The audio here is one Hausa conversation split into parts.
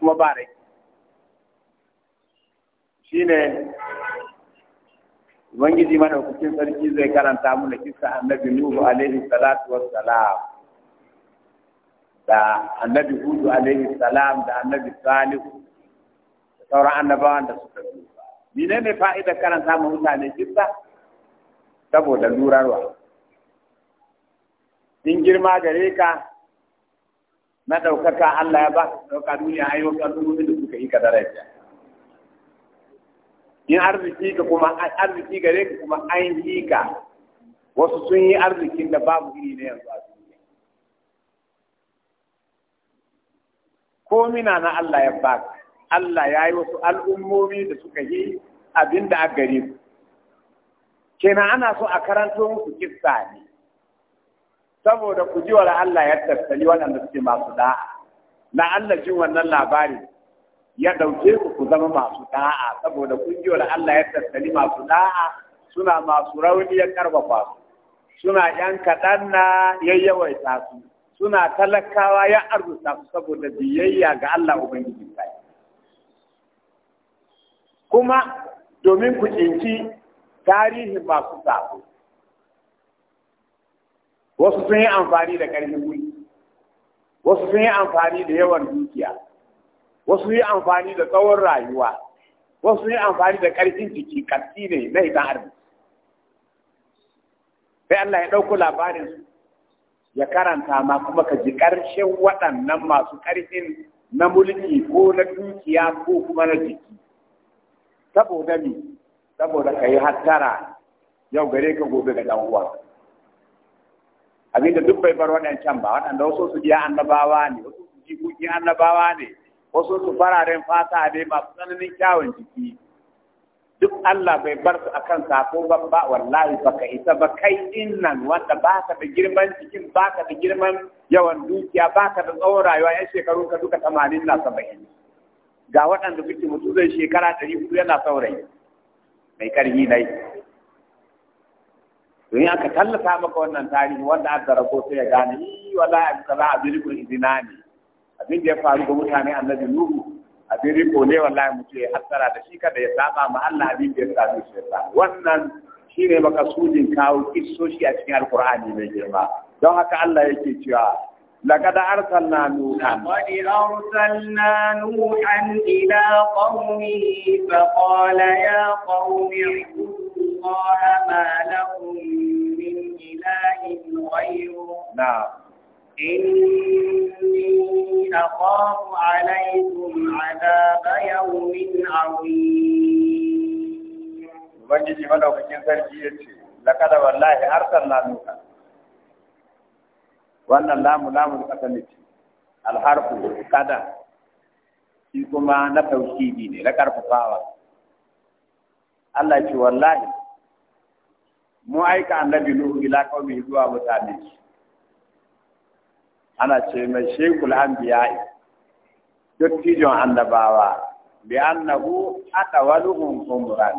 kuma ba rai shine ubangiji madaukakin sarki zai karanta mu da kisa annabi nuhu alaihi salatu wassalam da annabi hudu alaihi salam da annabi salihu da sauran annabawan da suka zo mine ne fa'idar karanta mu mutane kisa saboda lurarwa in girma gare ka na ɗaukaka Allah ya ba ka ɗauka duniya a yau kalmomin da suka yi ka daraja in arziki ka kuma arziki gare ka kuma an yi ka wasu sun yi arzikin da babu iri na yanzu a duniya ko mina na Allah ya baka Allah ya yi wasu al'ummomi da suka yi abin da a gare ku kenan ana so a karanto musu kissa ne saboda ku ji Allah ya tattali waɗanda suke masu da'a na Allah jin wannan labari ya ɗauke ku ku zama masu da'a saboda ƙungiyar ji Allah ya tattali masu da'a suna masu rauni ya karfafa su suna yan kaɗan na yayyawaita su suna talakawa ya arzuta su saboda biyayya ga Allah Ubangiji kuma domin ku tsinci tarihin masu sabu wasu sun yi amfani da ƙarfin mulki wasu sun yi amfani da yawan dukiya wasu sun yi amfani da tsawon rayuwa wasu sun yi amfani da ƙarfin jiki ƙarfi ne na idan arziki sai Allah ya ɗauko labarin ya karanta ma kuma ka ji ƙarshen waɗannan masu ƙarfin na mulki ko na dukiya ko kuma na jiki saboda me saboda ka yi hattara yau gare ka gobe ga ɗan uwanka abinda duk bai bar can ba waɗanda wasu su biya annabawa ne wasu su ji kuki annabawa ne wasu su fararen fata ne masu tsananin kyawun jiki duk Allah bai bar su akan sako ba ba wallahi baka isa ba kai din nan wanda baka da girman cikin baka da girman yawan dukiya baka da tsawon rayuwa yan shekaru ka duka tamanin na 70 ga waɗanda kuke mutu zai shekara ɗari hudu yana saurayi mai karhi nai don aka tallata maka wannan tarihi wanda aka da ko sai ya gane wala a kaza a izina ne abin da ya faru ga mutane annabi nuhu a ne wallahi mutu ya hassara da shi kada ya saba ma Allah abin da ya sami shi ya wannan shi ne makasudin kawo kisoshi a cikin alkur'ani mai girma don haka Allah yake cewa لقد أرسلنا نوحا لقد أرسلنا نوحا إلى قومه فقال يا قوم اعبدوا الله ما لكم من إله غيره نعم إني أخاف عليكم عذاب يوم عظيم Ubangiji madaukakin sarki ya ce, Lakada wallahi harkar na nuka, wannan lamu lamu da ƙasa ce, alharku kuma na tauhidi ne, na ƙarfafawa. Allah ce wallahi mu aika annabi nuhu ila qaumi zuwa mutane ana ce mai shekul anbiya'i dattijon annabawa bi annahu atawaluhum umran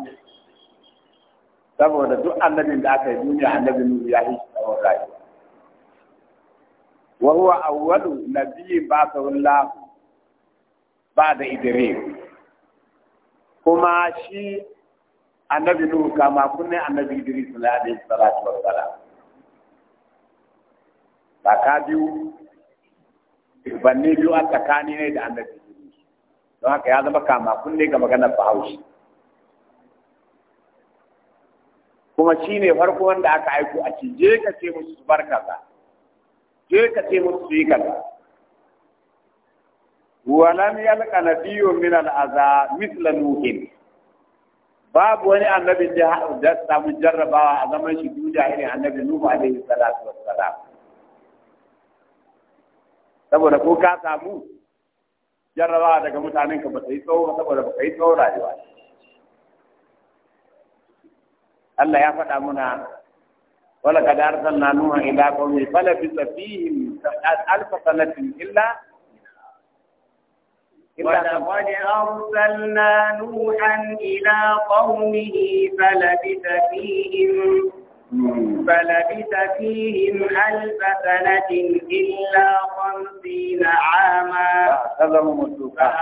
saboda duk annabin da aka yi duniya annabi nuhu ya yi tsawon rayuwa wa huwa awwalu nabiyyin ba'athahu Allah ba'da idris kuma shi annabi nuhu kama kunne annabi idris na alaihi salatu wassalam ba ka biyu banne biyu a tsakani ne da annabi don haka ya zama kama kunne ga maganar bahaushe kuma shi ne farko wanda aka aiko a ce je ka ce musu su barka kaza je ka ce musu su yi kaza walam yalqa nabiyyun min al-aza mithla nuhin babu wani annabi da ya samu jarrabawa a zaman shi duniya irin annabi Nuhu alaihi salatu wassalam saboda ko ka samu jarrabawa daga mutanen ka ba sai tsawo saboda ba ka yi tsawo rayuwa Allah ya faɗa muna wala kad arsalna nuha ila qaumi falabisa fihim alfa sanatin illa ولقد أرسلنا نوحا إلى قومه فلبث فيهم فلبث فيهم ألف سنة إلا خمسين عاما فأخذهم السوقان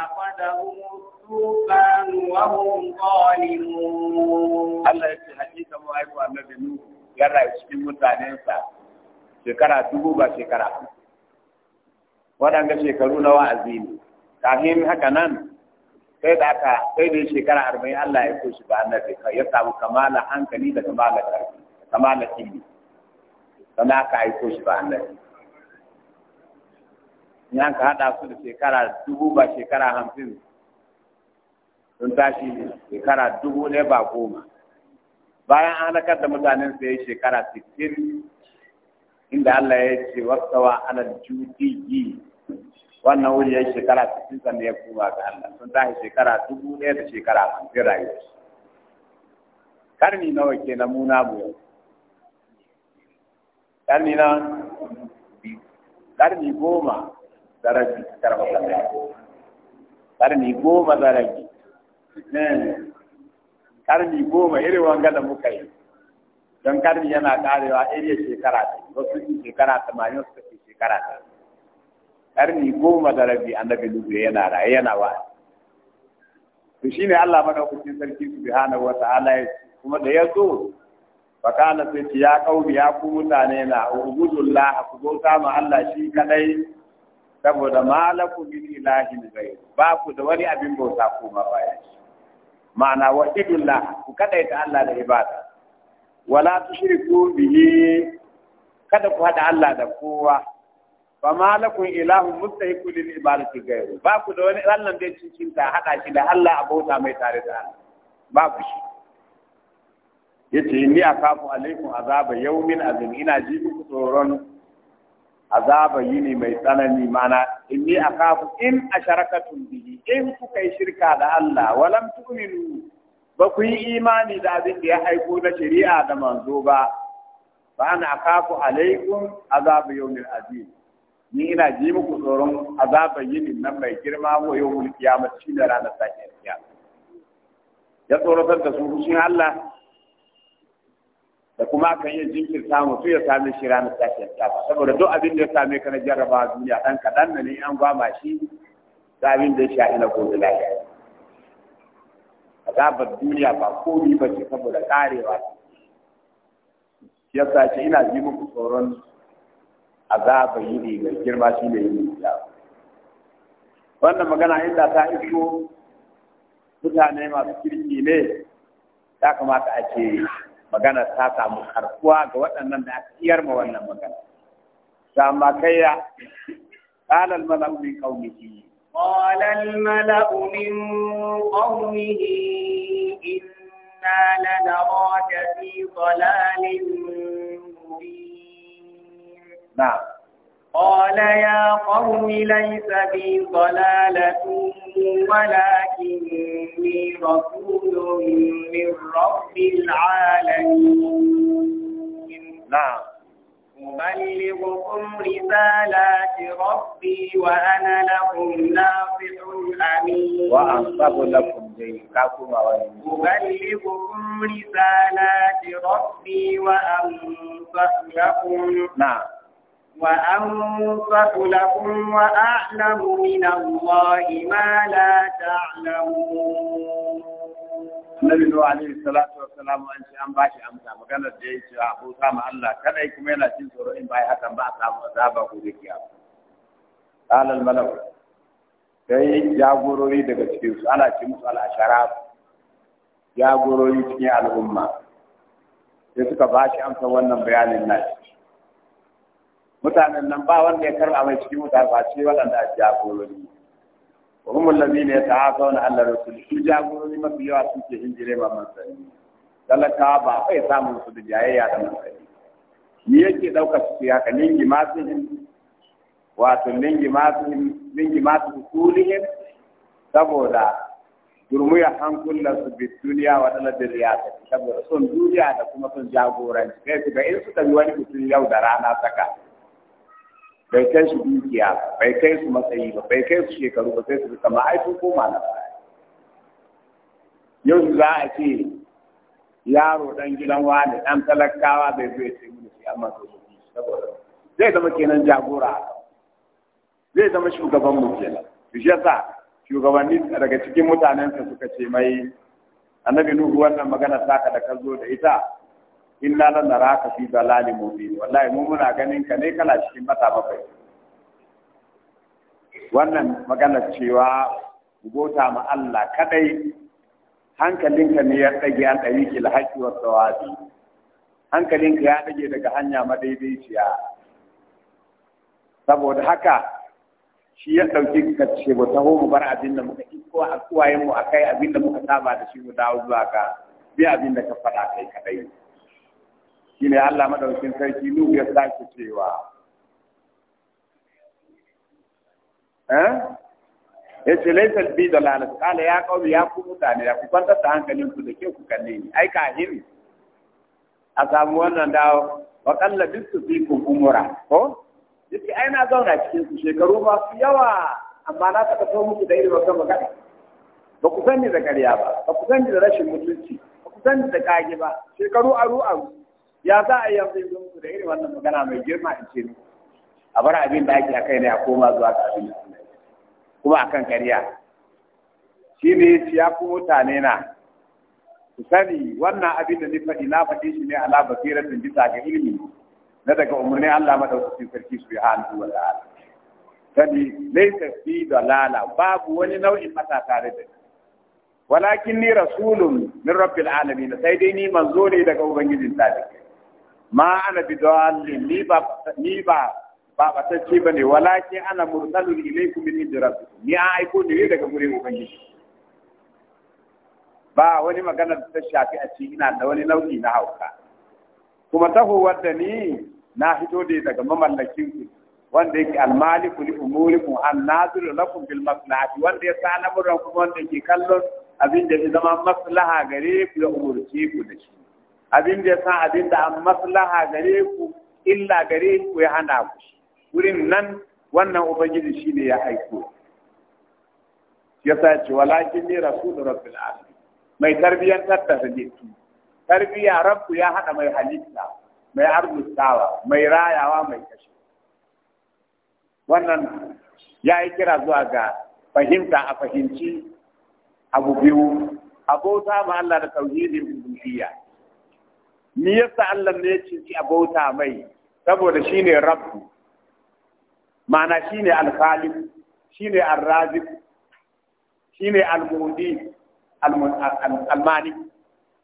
طوفان وهم ظالمون الله يجي حقيقة مو أيكو النبي نو يرى يشكي متانيسا شكرا تبوبا شكرا waɗanda shekaru na wa'azi ne kafin haka nan sai da aka sai da shekara arba'in Allah ya so shi ba annabi ya samu kamala hankali da kamala karfi kamala ilmi sannan aka yi shi ba annabi in an ka haɗa su da shekara dubu ba shekara hamsin sun tashi shekara dubu ne ba goma bayan an halakar da mutanen sai shekara sittin inda Allah ya ce wasawa ala judiyi wannan wuri ya yi shekara cikin sannan ya kuma ga Allah sun tashi shekara dubu ɗaya da shekara 50 rayuwa karni nawa ke na muna mu karni na karni goma da rabi karba karni goma da rabi hmm. karni goma irin wanga da muka yi don karni yana ƙarewa iri shekara ta wasu shekara 80 wasu shekara 100 karni goma da rabi annabi lutu yana raye yana wa to shine Allah madaukakin sarki subhanahu wataala ya kuma da ya zo fakana sai ce ya kauri ya ku mutane na ubudullah ku bauta ma Allah shi kadai saboda malaku min ilahin ghayr ba ku da wani abin bauta ko ma baya shi ma'ana wahidullah ku ta Allah da ibada wala tushriku bihi kada ku hada Allah da kowa fa malakum ilahun mustahiqu lil ibadati ghayru ba ku da wani Allah da cikin ta hada shi da Allah abota mai tare da Allah ba ku shi yace ni akafu alaikum azaba yawmin azim ina ji ku tsoron azaba yini mai tsanani mana in inni akafu in asharakatum bihi in kuka yi shirka da Allah walam tu'minu ba ku yi imani da abin da ya aiko na shari'a da manzo ba fa ana akafu alaikum azaba yawmin azim ni ina ji muku tsoron azabar yinin nan mai girma wa yau mun kiyama shi da ranar sake kiyama ya tsoratar da su fushin Allah da kuma kan yi jinkirta su ya same shi ranar sake kiyama saboda duk abin da ya same ka na jarraba duniya dan kadan ne ni an gwama shi da abin da ya sha ina gobe lafiya azabar duniya ba komi ba ce saboda karewa Ya sace ina ji muku tsoron azaba yi ne mai girma shi ne yi ya wannan magana inda ta iso mutane masu kirki ne ya kamata a ce magana ta samu karkuwa ga waɗannan da aka iyar ma wannan magana sama kaiya قال الملأ من قال الملأ من قومه إنا لنراك في ضلال مبين نعم قال يا قوم ليس بي ضلالة ولكني رسول من رب العالمين نعم أبلغكم رسالات ربي وأنا لكم ناصح أمين وأنصب لكم جيكاكم أبلغكم رسالات ربي وأنصح لكم نعم وأنصح لكم وأعلم من الله ما لا تعلمون Annabi Nuhu alaihi salatu wa salamu an ce an bashi amsa maganar da yake a bauta ma Allah kada kuma yana cin tsoro in bai hakan ba a samu azaba ko da kiyama. Qala al malak sai jagorori daga cikin su jagorori cikin al'umma sai suka bashi amsa wannan bayanin nashi mutanen nan ba wanda ya karba mai cikin mutane ba ce waɗanda a jagorori wa ta haka wani allah rasul su jagorori mafi yawa suke hinjire ba manzanni talakawa ba kai samun su da jayayya da manzanni ni yake ɗaukar su ya ka ningi masihim wato ningi ningi masu hukulihin saboda durmuya hankulan su bi duniya wa dala da riyasa saboda son duniya da kuma son jagoranci kai su ga in suka yi wani mutum yau da rana saka bai kai su dukiya bai kai su matsayi ba bai kai su shekaru ba sai su kama ai ko ma na yau za a ce yaro dan gidan wani dan talakawa bai zo ya ce mun sai amma to saboda zai zama kenan jagora zai zama shugaban mu kenan to shi yasa shugabanni daga cikin mutanensa suka ce mai annabi nuhu wannan magana saka da ka zo da ita inna lan naraka fi dalalin mubin wallahi mu muna ganin ka ne kana cikin mata bakwai wannan maganar cewa gota ma Allah kadai hankalinka ne ya tsage an dari ki alhaqi wa sawabi hankalinka ya dage daga hanya madaidaiciya saboda haka shi ya ɗauki ka ce mu taho mu bar abin da muka ko a kuwayen mu akai abin da muka saba da shi mu dawo zuwa ka bi abin da ka faɗa kai kadai shine Allah madaukakin sarki Nuhu ya sake cewa eh yace laysa bi lalata kala ya qaumi ya ku mutane ya ku kwanta da hankalin ku da ke ku kalle ni ai kahin a samu wannan dawo wa qalla bisu fi ku umura ko yace ai na zauna cikin su shekaru masu yawa amma na taɓa so muku da irin wannan magana ba ku sani da ƙarya ba ba ku sani da rashin mutunci ba ku sani da kage ba shekaru aru aru ya za a yanzu yanzu da irin wannan magana mai girma in ce a bar abin da ake a kai ne a koma zuwa ga abin da kuma a kan kariya shi ne shi ya fi mutane na ku sani wannan abin da ni faɗi na faɗi shi ne ala da bisa ga ilimi na daga umarnin Allah madaukakin sarki hannu wa la'ala. sani laysa fi dalala babu wani nau'in mata tare da ni walakin ni rasulun min rabbil alamin sai dai ni manzo ne daga ubangijin talibai ma ana bidalli ni ba ni ba ba ba ta ci bane walaki ana mursalun ilaykum min rabbikum ni ai aiko ne daga gurin ubangiji ba wani magana da ta shafi a ci ina da wani nau'i na hauka kuma ta wadda ni na hito da daga mamallakin ku wanda yake almaliku li umurikum an naziru lakum bil maslahati wanda ya sa lamuran ku wanda ke kallon abin da ya zama maslaha gare ku ya umurci, ku da shi abin da san abin da an maslaha gare ku illa gare ku ya hana ku wurin nan wannan ubangiji shine ya aiko ya sa ce walakin ni rasulur rabbil alamin mai tarbiyyar da jiki tarbiyya rabbu ya hada mai halitta mai arzutawa mai rayawa mai kashi wannan ya yi kira zuwa ga fahimta a fahimci abu biyu abota ma Allah da tauhidin ubudiyya Ni yasa Allah ne ya ci a bauta mai saboda shine ne ma'ana shine al-khaliq shine ar ne shine al ne al-malik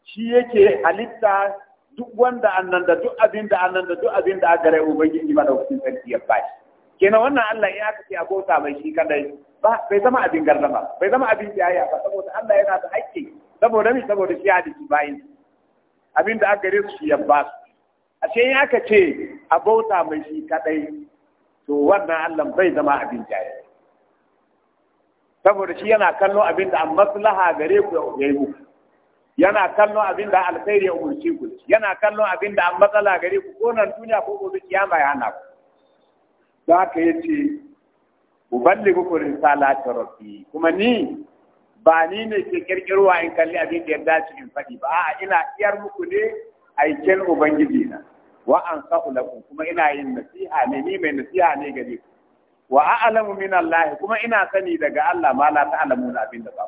shi yake halitta duk wanda annan da duk abin da annan da duk abin da aka rai ubangiji madaukakin sarki ya bashi kenan wannan Allah ya kace a bauta mai shi kadai ba bai zama abin gardama bai zama abin jayayya ba saboda Allah yana da haƙƙi saboda mi saboda shi ya dace bayin abin da aka su ya ba su a ce ya aka ce a bauta mai shi kadai to wannan Allah bai zama abin jaye saboda shi yana kallon abin da maslaha gare ku ya yi yana kallon abin da alkhairi ya umarci ku yana kallon abin da an matsala gare ku ko nan duniya ko gobe kiyama ya hana ku don haka yace uballighukum risalati rabbi kuma ni ba ni ne ke kirkirwa in kalli abin da ya dace in faɗi ba a'a ina iyar muku ne aikin ubangiji na wa an lakum kuma ina yin nasiha ne ni mai nasiha ne gare ku wa a'lamu min Allah kuma ina sani daga Allah ma la ta'lamu abin da ba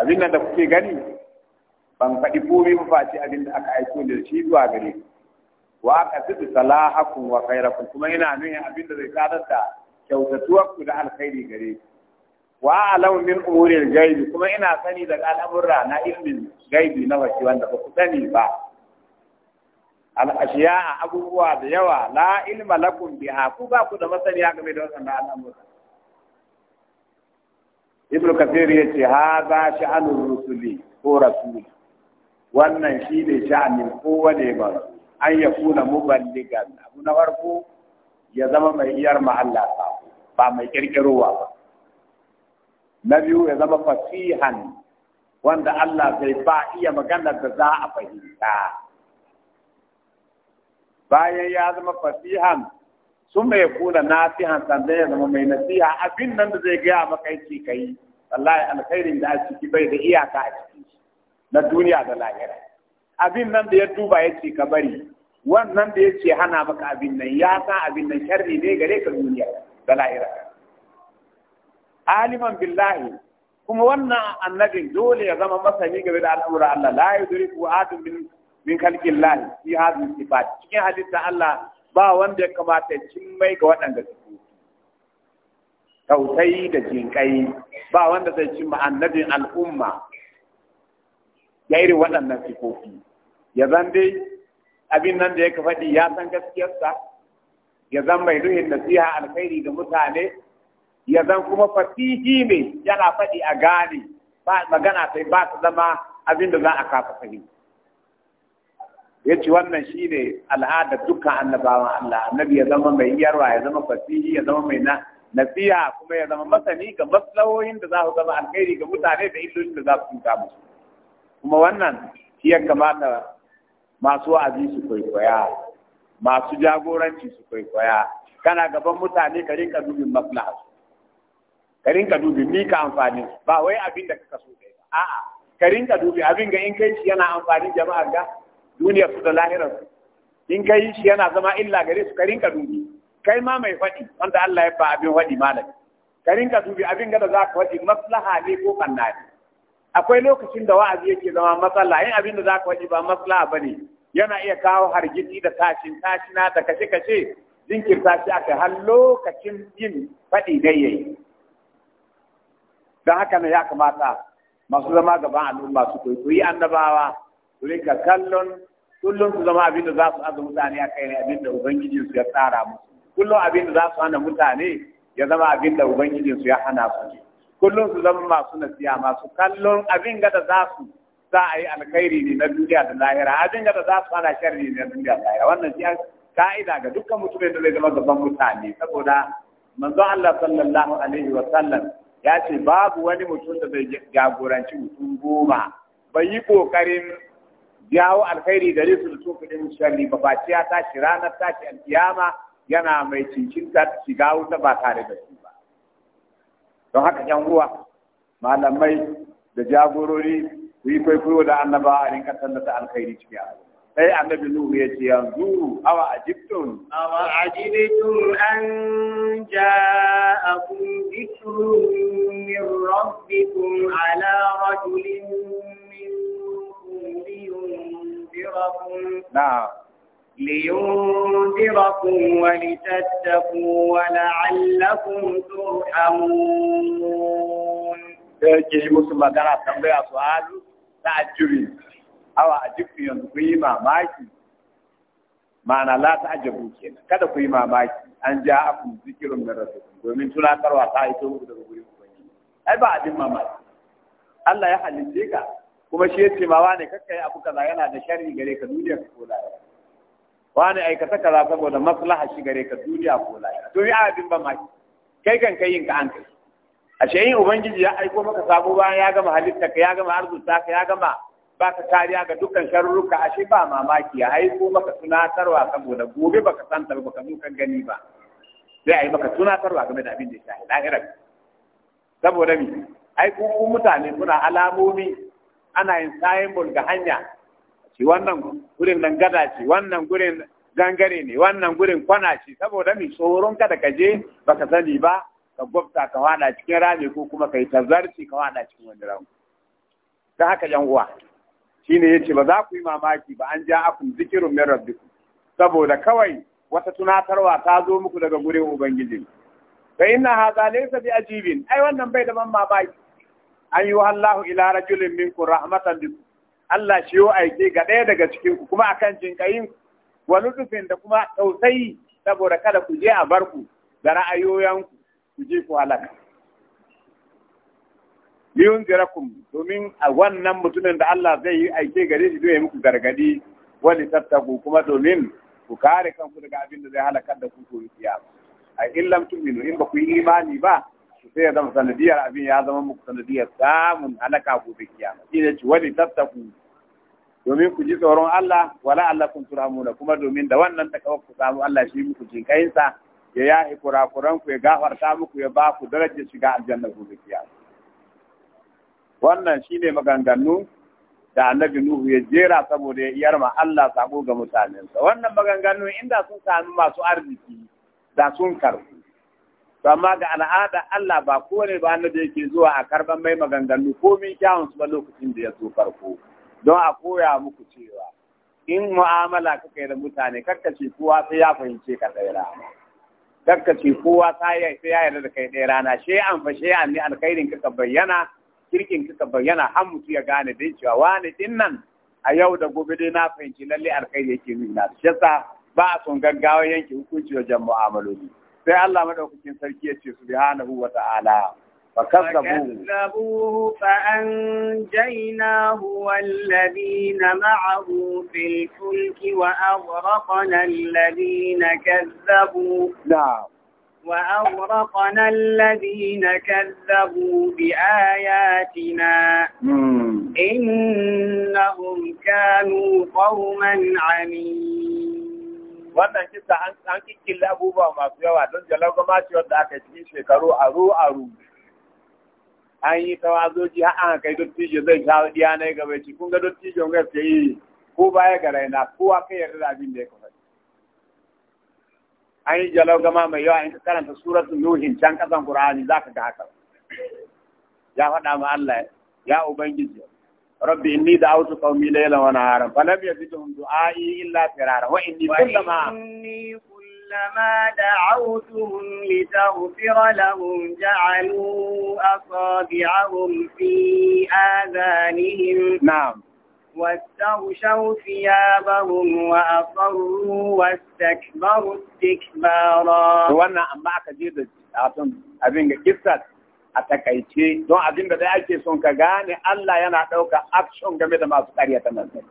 abin da kuke gani ban faɗi komai ba face abin da aka aiko da shi zuwa gare ku wa qasidu salahakum wa khairakum kuma ina nuna abin da zai sadar da kyautatuwar ku da alkhairi gare ku wa alamu min umuril gaibi kuma ina sani daga al'amurra na ilmin gaibi na wace wanda ba ku sani ba al'ashiya abubuwa da yawa la ilma lakum biha ku ba ku da masaniya game da wannan al'amurra ibnu kathir ce hadha sha'anur rusuli ko rasul wannan shi shine sha'anin kowane ba an yakuna muballigan abu na farko ya zama mai iyar ma Allah ba mai kirkirowa ba na biyu ya zama fasihan wanda Allah zai ba iya maganar da za a fahimta bayan ya zama fasihan sun mai kula nasihan sanda ya zama mai nasiha abin nan da zai gaya maka yake kai wallahi alkhairin da a ciki bai da iyaka a ciki na duniya da lahira abin nan da ya duba ya ce ka bari wannan da ya ce hana maka abin nan ya san abin nan sharri ne gare ka duniya da lahira aliman billahi kuma wannan annabin dole ya zama masani game da al'amuran Allah la yudriku adun min min khalqillah fi hadhihi sifat cikin halitta Allah ba wanda ya kamata ya cimmai ga waɗanda su tausayi da jinkai ba wanda zai cimma annabin al'umma ya irin waɗannan sifofi ya zan dai abin nan da ya faɗi ya san gaskiyarsa ya zan mai ruhin nasiha alkhairi ga mutane ya zan kuma fasihi ne yana faɗi a gane ba magana sai ba ta zama abin da za a kafa fahim. ya ce wannan shi ne al'adar dukkan annabawan Allah annabi ya zama mai yarwa ya zama fasihi ya zama mai nasiya kuma ya zama masani ga maslahohin da za su zama alkhairi ga mutane da illolin da za su cuta musu kuma wannan shi ya kamata masu wa'azi su kwaikwaya masu jagoranci su kwaikwaya kana gaban mutane ka rinka dubin maslaha ka rinka dubi ni ka amfani ba wai abin da ka kaso kai a'a ka rinka dubi abin ga in kai shi yana amfani jama'a ga duniya su da lahirar su in kai shi yana zama illa gare su ka rinka dubi kai ma mai faɗi wanda Allah ya ba abin faɗi malami ka rinka dubi abin ga da za ka faɗi maslaha ne ko kanna ne akwai lokacin da wa'azi yake zama matsala in abin da za ka faɗi ba maslaha ba ne yana iya kawo hargitsi da tashin tashina da kashe-kashe jinkirta shi aka har lokacin yin faɗi dai yayi da haka ne ya kamata masu zama gaban al'umma su koyi koyi annabawa su rika kallon kullum su zama abin da za su aza mutane a kai ne abin da ubangijinsu ya tsara musu kullum abin da za su hana mutane ya zama abin da ubangijinsu ya hana su kullum su zama masu nasiya masu kallon abin da za su za a yi alkhairi ne na duniya da lahira abin da za su hana sharri ne na duniya da lahira wannan shi ka'ida ga dukkan mutumin da zai zama gaban mutane saboda manzo Allah sallallahu alaihi wa sallam ya ce babu wani mutum da zai jagoranci mutum goma bai yi kokarin jawo alkhairi da risul tufilin sharri ba ba ya tashi ranar tashi alkiyama yana mai cincinta shiga wuta ba tare da su ba don haka yan uwa malamai da jagorori ku yi kwaikwayo da annabawa a rinka tallata alkhairi cikin sai annabi nuhu ya ce yanzu awa ajibtum awa ajibtum an ja'akum dhikrun min rabbikum ala rajulin minkum لينذركم ولتتقوا ولعلكم ترحمون. يجي مسلم قال تنبيه سؤال تعجبين. awa a jikin yanzu ku yi mamaki ma'ana la ta ajabu kenan kada ku yi mamaki an ja akum zikirun da rabbikum domin tunatarwa ta ito muku daga gurin ubangiji ai ba abin mamaki Allah ya halice ka kuma shi ya ce ma wane kakka yi abu kaza yana da sharri gare ka duniya ko lafiya wane aikata kaza saboda maslaha shi gare ka duniya ko lafiya to yi abin mamaki kai kan kai yin ka an kai ashe yin ubangiji ya aiko maka sabo bayan ya gama halitta ka ya gama arzuta ka ya gama Ba ka kariya ga dukkan sharurruka, ashe ba mamaki ya haiko maka tunatarwa saboda gobe baka san ta baka ka kan gani ba sai yi maka tunatarwa game da abin da ya shahi lahirar saboda mi ai ku mutane kuna alamomi ana yin sayin ga hanya ci wannan gurin nan gada ce wannan gurin gangare ne wannan gurin kwana ce saboda mi tsoron ka da kaje baka sani ba ka gwabta ka wada cikin rami ko kuma ka yi tazarci ka wada cikin wani rami ta haka yan uwa Shi shine yace ba za ku yi mamaki ba an ja akum zikirun min rabbikum saboda kawai wata tunatarwa ta zo muku daga gurin ubangiji fa inna hadha laysa bi ajibin ai wannan bai da ban mamaki an yi Allahu ila rajulin minkum rahmatan duk. Allah shi yo aike ga ɗaya daga cikin ku kuma akan jinkayin Wani lutufin da kuma tausayi saboda kada ku je a barku da ra'ayoyanku ku je ku halaka liyun zirakun domin a wannan mutumin da Allah zai yi aike gare shi zai muku gargadi wani tattaku kuma domin ku kare kanku daga abin da zai halakar da ku ko a illam tuminu in ba ku yi imani ba ku sai ya zama sanadiyar abin ya zama muku sanadiyar samun halaka ko da kiyama shi ne ci wani tattaku domin ku ji tsoron Allah wala Allah kun turamuna kuma domin da wannan takawa ku samu Allah shi muku jinkayinsa ya yahi kurakuranku ya gafarta muku ya ba ku darajar shiga aljanna gobe kiyama wannan shi ne maganganu da annabi Nuhu ya jera saboda ya yarma Allah sabo ga mutanensa wannan maganganu inda sun sami masu arziki da sun karbu amma ga al'ada Allah ba kowane ba annabi yake zuwa a karban mai maganganu komi kyawun su ba lokacin da ya zo farko don a koya muku cewa in mu'amala kaka yi da mutane kakkace kowa sai ya fahimce ka ɗaya rana kakkace kowa sai ya yarda da kai ɗaya rana she fashe an ne alkhairin kaka bayyana kirkin ka bayyana an mutu ya gane dai cewa wani din nan a yau da gobe dai na fahimci lalle alkhairi yake nuna shi yasa ba a son gaggawa yanke hukunci wajen mu'amaloli sai Allah madaukakin sarki ya ce subhanahu wa ta'ala فكذبوه فأنجيناه والذين معه في الفلك وأغرقنا الذين كذبوا نعم وأغرقنا الذين كذبوا بآياتنا hmm. إنهم كانوا قوما عمين wannan kisa an kikkille abubuwa masu yawa don jalagwama ce wanda aka cikin shekaru aru aru an yi tawazoji har an kai dottijo zai shawo diya na gaba ci kun ga dottijo ga sai ko baya ga raina kowa kai yarda abin da ya kafa an yi jalau gama mai yawa in ka karanta suratun nuhin can kasan qur'ani zaka ga haka ya faɗa ma Allah ya ubangiji rabbi inni da'awtu qaumi laylan wa naharan falam yazidhum du'ai illa firara wa inni kullama كلما دعوتهم لتغفر لهم جعلوا أصابعهم في آذانهم نعم واستغشوا ثيابهم وأصروا واستكبروا استكبارا وانا أما أكجيد أعطم أبين كيسات أتكايتي دون أبين بدأ أكي سنك غاني الله ينا دوك أكشن جميد ما أفكاري يتمنزل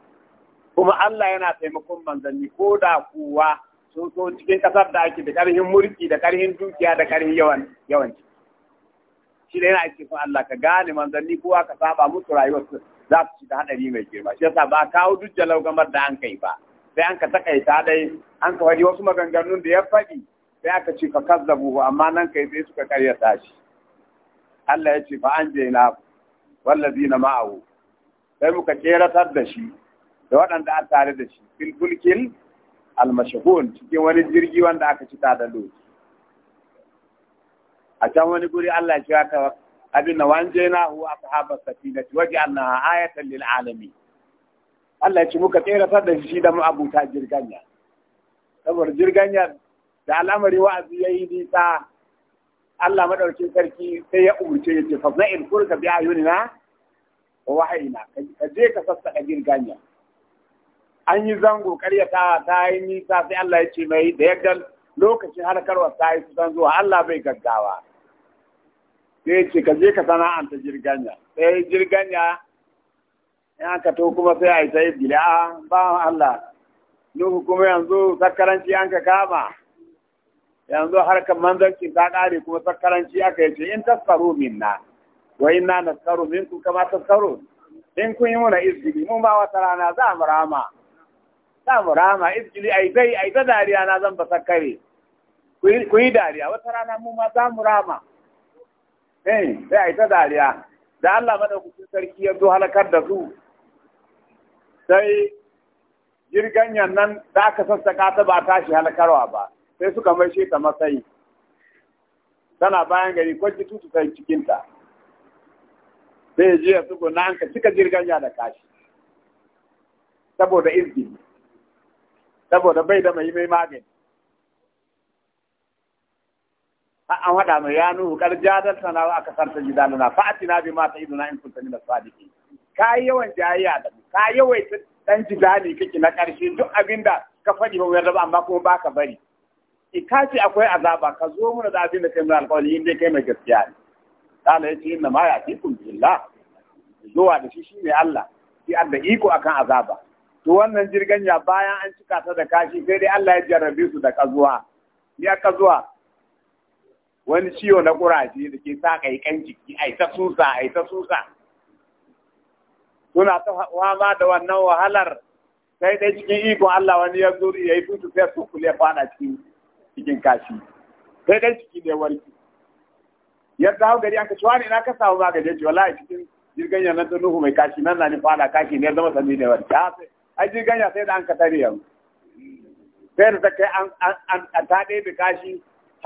كما الله ينا تيمكم من منزل كودا كوا sun so cikin kasar da ake da karhin mulki da karhin dukiya da karhin yawan yawanci shi da yana ake son Allah ka gane manzanni kowa ka saba musu rayuwar za su ci da hadari mai girma shi yasa ba kawo duk jalau gamar da an kai ba sai an ka takaita dai an ka faɗi wasu maganganun da ya faɗi sai aka ce ka kazzabu amma nan kai sai suka karyata shi Allah ya ce fa an je na wallazina ma'ahu sai muka keratar da shi da waɗanda an tare da shi fil almashahun cikin wani jirgi wanda aka ci ta da a can wani guri Allah ya ce aka. abin da wanje na hu safina ci waje na ayatan lil alamin Allah ya ci muka tsere da shi da mu abuta jirganya saboda jirganya da al'amari wa'azi yi nisa Allah madaukin sarki sai ya umurce ya ce in furka bi ayunina wa wahayina ka je ka sassaka jirganya an yi zango karyata ta yi nisa sai Allah ya ce mai da yadda lokacin harkarwa ta yi su zuwa Allah bai gaggawa sai ce ka je ka sana'anta jirganya sai jirganya ya? ka to kuma sai a yi ta yi bila ba Allah nuhu kuma yanzu sakaranci an ka kama yanzu harkar manzancin ta ƙare kuma sakaranci aka yi ce in tasaro minna wa inna naskaru minkum kama tasaro in kun yi muna izgili mun ba wata rana za mu rama za mu rama izgili A dai ta dariya na zan ba sakare ku yi dariya wata rana mun ma za mu rama eh sai a yi ta dariya da Allah madaukakin sarki ya zo halakar da su sai jirganyan nan da aka sassaka ta ba tashi halakarwa ba sai suka mai ta matsayi tana bayan gari ko tutu ta cikinta sai ji ya tuko na an cika jirganya da kashi saboda izini. saboda bai da mai mai magani an haɗa mai ya nuhu kar jadal sana wa aka sarta jidaluna fa ma bima iduna in kunta da as-sadiqin ka yawan jayayya da mu ka ɗan ji jidali kake na ƙarshe duk abinda ka faɗi ba yarda ba amma kuma baka bari ce akwai azaba ka zo mana da abin da kai mai alƙawari in dai kai mai gaskiya ne Allah ya ce inna ma ya'tikum billah zuwa da shi ne Allah shi da iko akan azaba to wannan jirganya bayan an cika ta da kashi sai dai Allah ya jarrabe su da kazuwa ni aka wani ciwo na ƙuraje da ke sa ka yi kan jiki a ta susa a ta susa suna ta fama da wannan wahalar sai dai cikin ikon Allah wani ya zuri ya yi tutu sai su kule fana cikin cikin kashi sai dai ciki ne warki yadda hau gari an ka ciwa ne na ka samu magaje ce wallahi cikin jirgin yana ta nuhu mai kashi nan na ni fana kashi ne zama sami ne warki a jirgin ya sai da an ka tare yau sai da ta kai an ta bi kashi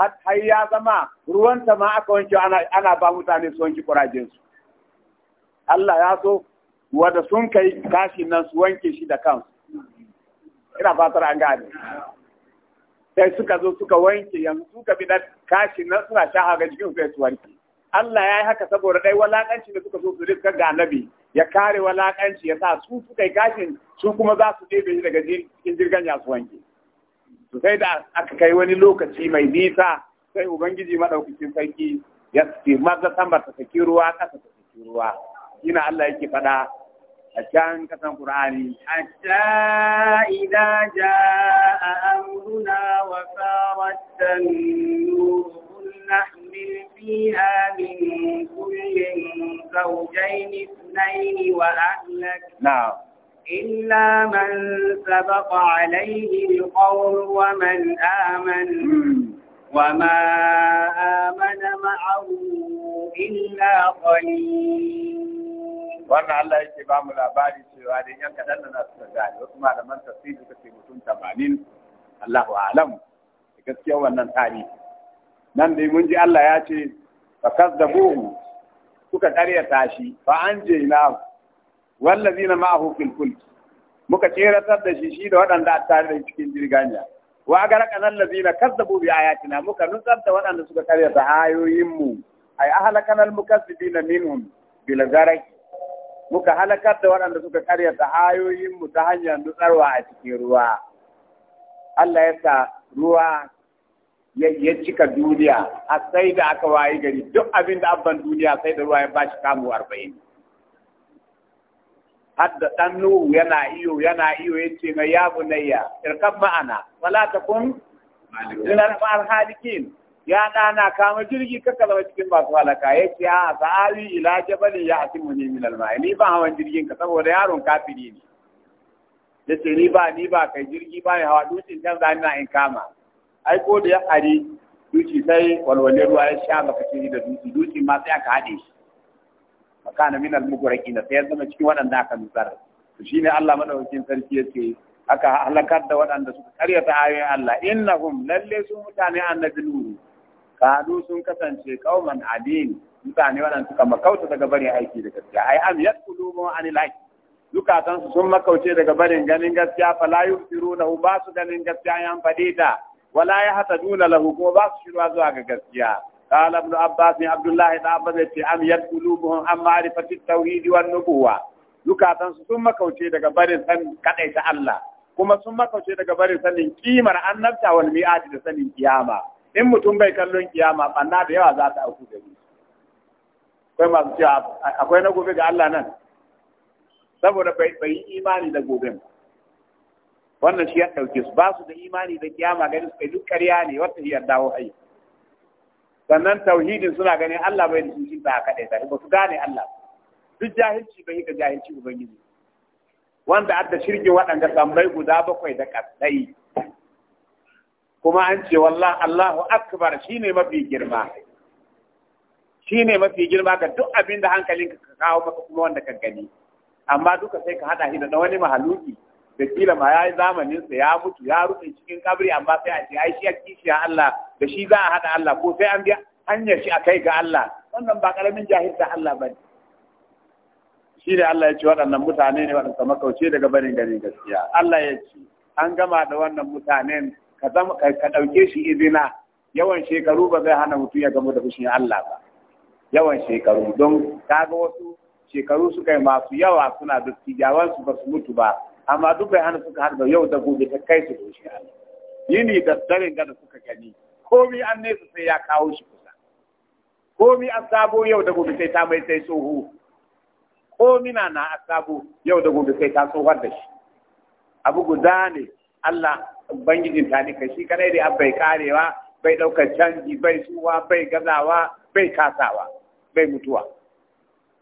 har ya zama ruwan ma aka wanke ana ba mutane su wanke kurajensu Allah ya so wanda sun kai kashin nan su wanke shi da kansu ina fatar an gane sai suka zo suka wanke yanzu suka bi dan kashin nan suna shaha ga jikin sai su wanke Allah ya yi haka saboda dai walakanci da suka so su rika ga annabi ya kare walakanci ya sa su suka yi kashin su kuma za su ɗebe shi daga jirgin ya su wanke sai da aka kai wani lokaci mai nisa sai ubangiji madaukakin sarki ya ce maza sama ta saki ruwa ƙasa ta saki ruwa ina Allah yake faɗa a can kasan Qur'ani hatta idza jaa amruna wa sarat tanur نحمل فيها من كل زوجين اثنين وأهلك نعم إلا من سبق عليه القول ومن آمن وما آمن معه إلا قليل wannan Allah yake ba mu labari cewa dai yan kadan na suka gane wasu malaman tafsiri suka ce mutum 80 Allahu a'lam gaskiya wannan tarihi nan dai mun ji Allah ya ce fa kazzabuhu suka karyata shi fa anjaynahu wallazina ma'ahu fil fulk muka ceratar da shi shi da waɗanda a tare da cikin jirganya wa agaraka nan lazina kazzabu bi ayatina muka nutsar da waɗanda suka karya karyata ayoyin mu ay ahlakana al mukazzibina minhum bil garak muka halakar da waɗanda suka karya ayoyin mu ta hanyar nutsarwa a cikin ruwa Allah ya sa ruwa ya cika duniya a sai da aka wayi gari duk abin da abban duniya sai da ruwa ya bashi kamu arba'in hadda dan nuhu yana iyo yana iyo yace mai ya bunayya irkab ma'ana wala takun linar ma'al halikin ya dana kama jirgi ka kalma cikin masu halaka yace a sa'ali ila jabali ya asimuni min al ni ba hawan jirgin ka saboda yaron kafiri ne yace ni ba ni ba kai jirgi ba ya hawa dutsen can zani na in kama ai ko da ya hari Dutsi sai walwale ruwa ya sha baka ci da dutsi, duci ma sai aka haɗe shi kana min al na sai zama cikin waɗanda aka nutsar shi ne Allah madaukakin sarki yake aka halakar da waɗanda suka ta ayoyin Allah innahum lalle su mutane annabi nuhu kadu sun kasance kauman adin mutane wadanda suka makauta daga barin aiki da gaskiya ai am ma anil haqq zukatan su sun makauce daga barin ganin gaskiya fa la yusiruna ba su ganin gaskiya yan fadita wala ya hata duna lahu ko ba su shirwa zuwa ga gaskiya قال ابن عباس عبد الله بن عباس أم يدلوهم عن معرفه التوحيد والنبوه zukatan su sun كوتي daga barin سن كدايت Allah kuma sun كوتي daga barin sanin قيمر annabta wal mi'ad سن sanin ان in mutum bai kallon kiyama banna da yawa za ta auku da shi akwai masu cewa akwai na gobe ga Allah nan saboda bai bai imani da goben wannan shi ya dauke su ba su da imani da kiyama gani su kai duk ƙarya ne wata hiyar dawo aiki sannan tauhidin suna ganin Allah bai da shi ba kaɗai sai ba su gane Allah duk jahilci bai ga jahilci ubangiji wanda adda shirki waɗanda tambayi guda bakwai da kasai kuma an ce wallahi Allahu akbar shine mafi girma shine mafi girma ga duk abin da hankalinka ka kawo maka kuma wanda ka gani amma duka sai ka hada shi da wani mahaluki da ma ya yi zamanin sa ya mutu ya rufe cikin kabri amma sai a ce ai shi a kishi Allah da shi za a hada Allah ko sai an biya hanyar shi a kai ga Allah wannan ba karamin jahilta Allah ba shi da Allah ya ce waɗannan mutane ne waɗanda makauce daga barin gari gaskiya Allah ya ce an gama da wannan mutanen ka ɗauke shi izina yawan shekaru ba zai hana mutum ya gamu da fushin Allah ba yawan shekaru don kaga wasu shekaru suka yi masu yawa suna da su ba su mutu ba amma duk bai hana suka harba yau da gobe ta kai su doshi yi yini da gada suka gani komi an nesa sai ya kawo shi kusa komi an sabo yau da gobe sai ta mai sai tsoho komi na na an sabo yau da gobe sai ta tsohon da shi abu guda ne Allah ubangijin ta ne shi kanai da bai karewa bai daukar canji bai suwa bai gazawa bai kasawa bai mutuwa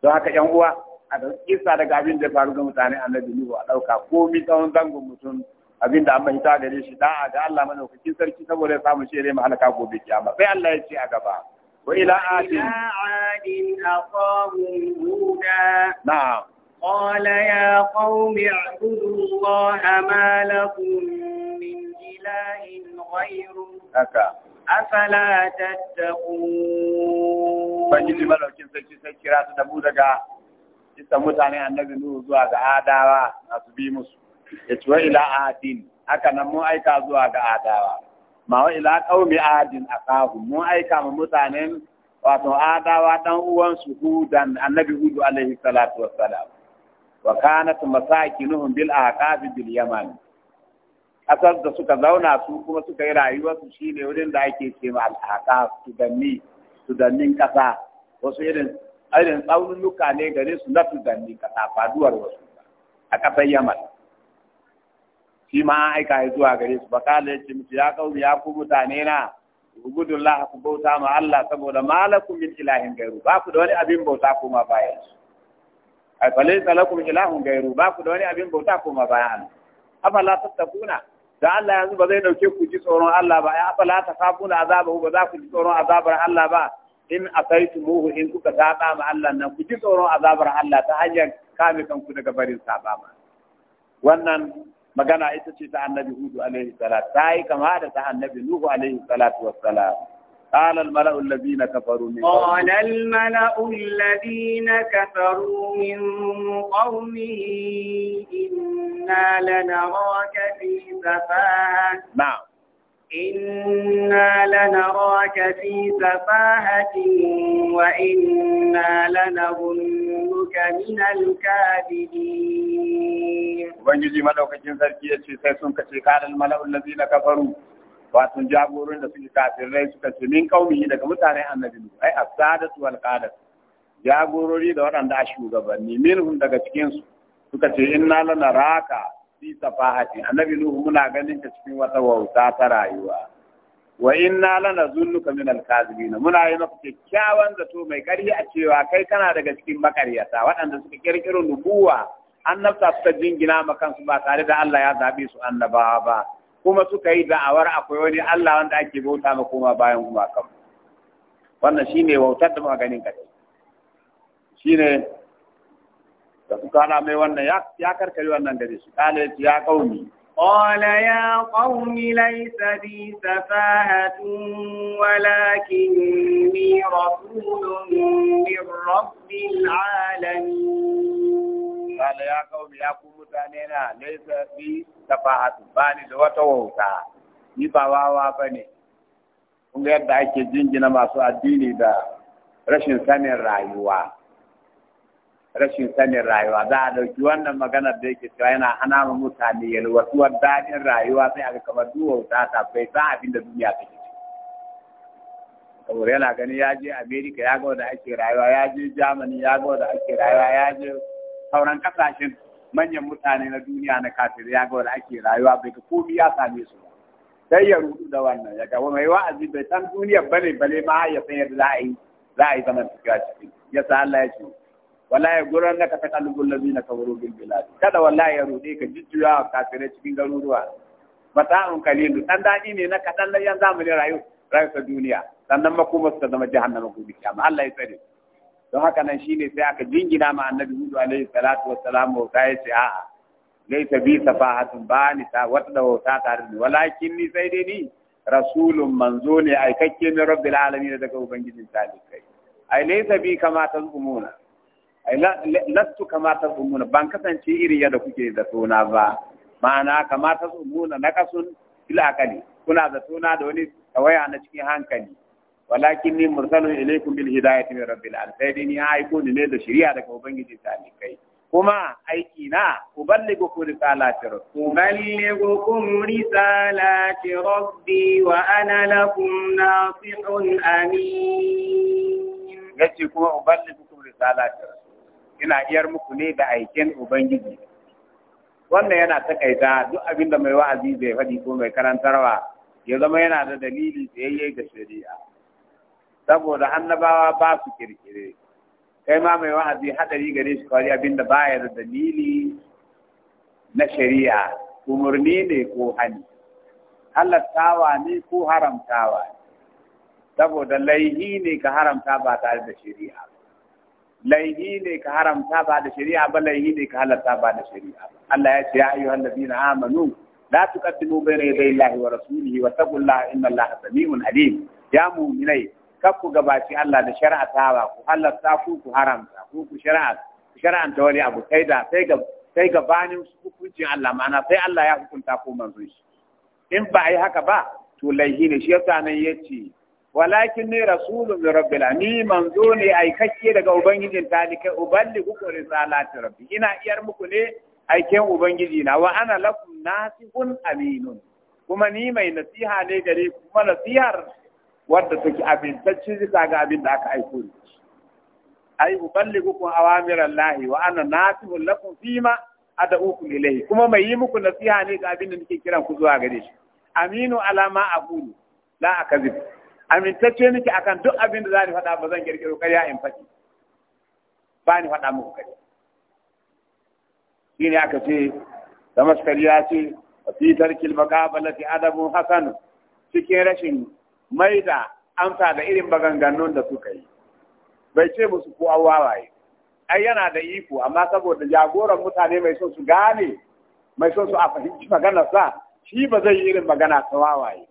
don haka yan uwa a da isa daga abin da faru ga mutane annabi nuhu a dauka komi tsawon zangon mutum abin da amma hita gare shi da'a da Allah madaukakin sarki saboda ya samu shere mu halaka gobe kiyama sai Allah ya ce a gaba wa ila adin adin aqahum huda na'am قال يا قوم اعبدوا الله ما لكم من إله غيره أفلا تتقون daga isa mutane annabi nuhu zuwa ga adawa masu bi musu ya ci wa ila adin haka nan mun aika zuwa ga adawa ma wa ila qaumi adin kahu. mun aika ma mutanen wato adawa dan uwan su hudan annabi hudu alaihi salatu salam wa kanat masakinuhum bil aqab bil yaman Ƙasar da suka zauna su kuma suka yi rayuwar su shine wurin da ake ce ma al aqab sudanni sudannin kasa wasu irin irin tsaunuka ne gare su na tuzanni ka tafaduwar wasu a kafin Yamal. shi ma an aika ya zuwa gare su bakala ya ce musu ya kawo ya ku mutane na gudun la'a ku bauta ma Allah saboda malakum min ilahin gairu ba ku da wani abin bauta ma bayan su ai falai salakum ilahun gairu ba ku da wani abin bauta ma bayan Allah afala tattakuna da Allah yanzu ba zai dauke ku ji tsoron Allah ba ai afala takafuna azabahu ba za ku ji tsoron azabar Allah ba in asaitu muhu in kuka saba ma Allah nan ku ji tsoron azabar Allah ta hanyar kame kanku daga barin saba ma wannan magana ita ce ta annabi hudu alaihi salatu ta yi kama da ta annabi nuhu alaihi salatu wassalam قال الملأ الذين كفروا من قال الملأ الذين كفروا من قومه إنا لنراك في سفاهة نعم إنا لنراك في سفاهة وإنا لنظنك من الكاذبين وبنجي ملوك جنزر كي يتشي سيسون كشي قال الملأ الذين كفروا واتن جابورون لسي كافر ليس كشي من قومه لك متاني النبي أي السادة والقادة جابورون لدوران داشو غبني منهم دقا تكينسو suka ce inna lana raka fi safahati annabi nuhu muna ganin ta cikin wata wauta ta rayuwa wa inna min alkazibin muna yi maka kyakkyawan zato mai ƙarfi a cewa kai kana daga cikin makaryata waɗanda suka kirkiro nubuwa annabta suka jingina ma kansu ba tare da Allah ya zabe su annabawa ba kuma suka yi da'awar akwai wani Allah wanda ake bauta ma kuma bayan kuma kan wannan shine wautar da muka ganin ka shine da kuka ana mai wannan ya karkari wannan gare su kala ya ya kauni Ƙola ya ƙauni laisa bi safahatun walakin ni rasulun min rabbil alami. Ƙola ya kauni ya ku mutane na laisa bi safahatun ba ni da wata wauta ni ba wawa ba ne. Kun ga yadda ake jinjina masu addini da rashin sanin rayuwa. rashin sanin rayuwa za a ɗauki wannan maganar da yake cewa yana hana mu mutane yalwatuwar daɗin rayuwa sai a kamar duwa wuta ta bai san abin da duniya take ciki yana gani ya je america ya ga wanda ake rayuwa ya je germany ya ga wanda ake rayuwa ya je sauran kasashen manyan mutane na duniya na kafin ya ga wanda ake rayuwa bai ga komi ya same su ba sai ya rudu da wannan ya ga mai wa'azi bai san duniya bane bale ma ya san yadda za a yi za a yi zaman tafiya ciki sa Allah ya ce wallahi gurin da ka fata lubul lazina kawaru bil bilad kada wallahi ya rude ka jujjuya kafirai cikin garuruwa mata'un kalilu dan dadi ne na kadan da yan zamani rayu rayu ta duniya sannan makoma su zama jahannama gobe ma Allah ya tsare don haka nan shine sai aka jingina ma annabi Hudu alaihi salatu wassalam sai yace a'a ta bi safahatun ba ni ta wata da wata tare ni walakin ni sai dai ni rasulun manzo ne aikakke min rabbil alamin daga ubangijin talikai ai laisa bi kama tazumuna lastu kamata umuna ban kasance irin yadda kuke da tona ba ma'ana kamata umuna na kasun filakali kuna da tona da wani tawaya na cikin hankali walakin ni mursalun ilaikum bil hidayati min rabbil alamin ni aiko ne da shari'a daga ubangiji ta kai kuma aiki na uballighukum risalati rabbi uballighukum risalati rabbi wa ana lakum nasihun amin yace kuma uballighukum risalati rabbi ina iyar muku ne da aikin ubangiji wannan yana takaita duk abin da mai wa'azi zai faɗi ko mai karantarwa ya zama yana da dalili tsayayye ga shari'a saboda annabawa ba su kirkire kai ma mai wa'azi haɗari gare shi kawai abin da baya da dalili na shari'a umarni ne ko hani halattawa ne ko haramtawa saboda laihi ne ka haramta ba tare da shari'a laihi ne ka haramta ba da shari'a ba laihi ne ka halarta ba da shari'a ba Allah ya ce ya Amadu ladina amanu la tuqaddimu bayna yaday Allahi wa rasulihi wa taqullaha inna Allaha samiun alim ya mu'minai kar ku gabaci Allah da shari'atawa ku halarta ku ku haramta ku ku shari'a shari'anta wani abu sai da sai ga sai gabanin hukuncin Allah ma'ana sai Allah ya hukunta ko manzo shi in ba a haka ba to laihi ne shi yasa nan yace walakin ne rasulun bi rabbil ni manzo ne aikakke daga ubangijin talikai uballi kuku risalati rabbi ina iyar muku ne aiken ubangiji na wa ana lakum nasihun aminun kuma ni mai nasiha ne gare kuma nasihar wadda take abintacci bisa ga abin da aka aiko ni ai uballi kuku awamir allahi wa ana nasihun lakum fima ad'ukum ilayhi kuma mai yi muku nasiha ne ga abin da nake kiran ku zuwa gare shi aminu alama aqulu la akazib amintacce nake akan duk abin da za ni faɗa ba zan kai karya in faɗi ba ni faɗa muku shi shine aka ce maskari ya ce fi tarkil maqabalati Adamu hasan cikin rashin maida amsa da irin maganganun da suka yi bai ce musu ko an wawaye ai yana da iko amma saboda jagoran mutane mai son su gane mai son su a fahimci maganarsa shi ba zai yi irin magana ta wawaye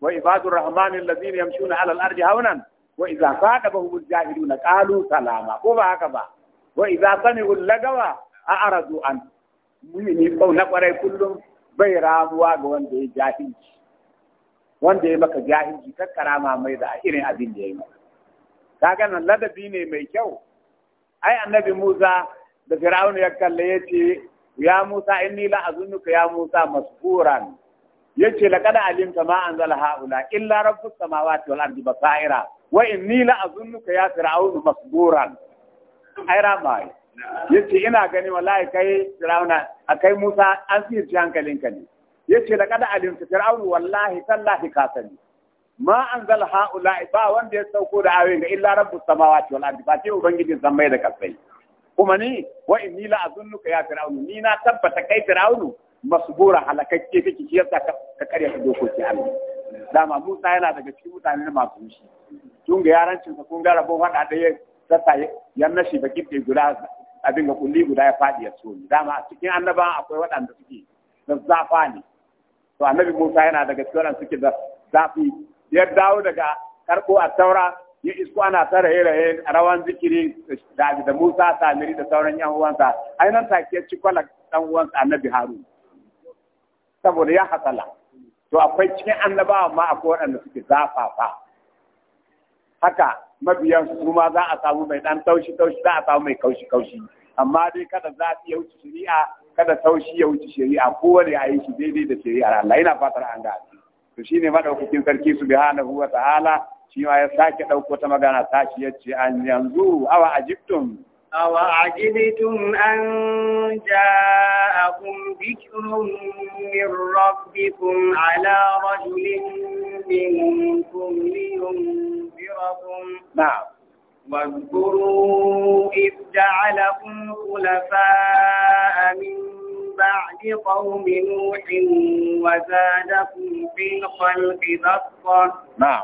wa ibadur rahmanin lazina yamshuna ala al-ardi hawnan wa idza qadabahum al-jahiluna qalu salama ko ba haka ba wa idza sami'u al-lagawa a'radu an mumini ko na kwarai kullum bai ramuwa ga wanda ya jahilci wanda ya maka jahilci kakkara ma mai da irin abin da ya yi kaga nan ladabi ne mai kyau ai annabi Musa da Fir'aun ya kalle ya ce ya Musa inni la azunuka ya Musa masfuran yace laqad alimta ma anzala haula illa rabbus samawati wal ardi basaira wa inni la azunnuka ya fir'aun masburan ai ramai yace ina gani wallahi kai fir'auna akai musa an sirci hankalinka ne yace laqad alimta fir'aun wallahi tallahi kasani ma anzala haula ba wanda ya sauko da ayoyin ga illa rabbus samawati wal ardi ba ce ubangijin sammai da kasai kuma ni wa inni la azunnuka ya fir'aun ni na tabbata kai fir'aunu masbura halakakke kake shi yasa ka karya ka dokoki Allah dama Musa yana daga cikin mutane na masu mushi tun ga yarancin sa kun ga rabon hada da ya sassa yan nashi ba kike guda abin ga kulli guda ya fadi ya so dama cikin annaba akwai wadanda suke da zafa ne to annabi Musa yana daga cikin wadanda suke da zafi ya dawo daga karko a taura ya isko ana ta raye a rawan zikiri da Musa Samiri da sauran yan uwansa ainihin take ci kwalak dan uwansa annabi Harun saboda ya hasala to akwai cikin annabawa ma akwai waɗanda suke zafafa haka mabiyan su ma za a samu mai ɗan taushi taushi za a samu mai kaushi kaushi amma dai kada zafi ya wuce shari'a kada taushi ya wuce shari'a kowane a yi shi daidai da shari'ar Allah ina fatar an ga to shine madaukakin sarki su subhanahu wa ta'ala shi ma ya sake ɗauko ta magana ta ya yace an yanzu awa ajibtum أوعجبتم أن جاءكم ذكر من ربكم على رجل منكم لينذركم نعم واذكروا إذ جعلكم خلفاء من بعد قوم نوح وزادكم في الخلق بسطة نعم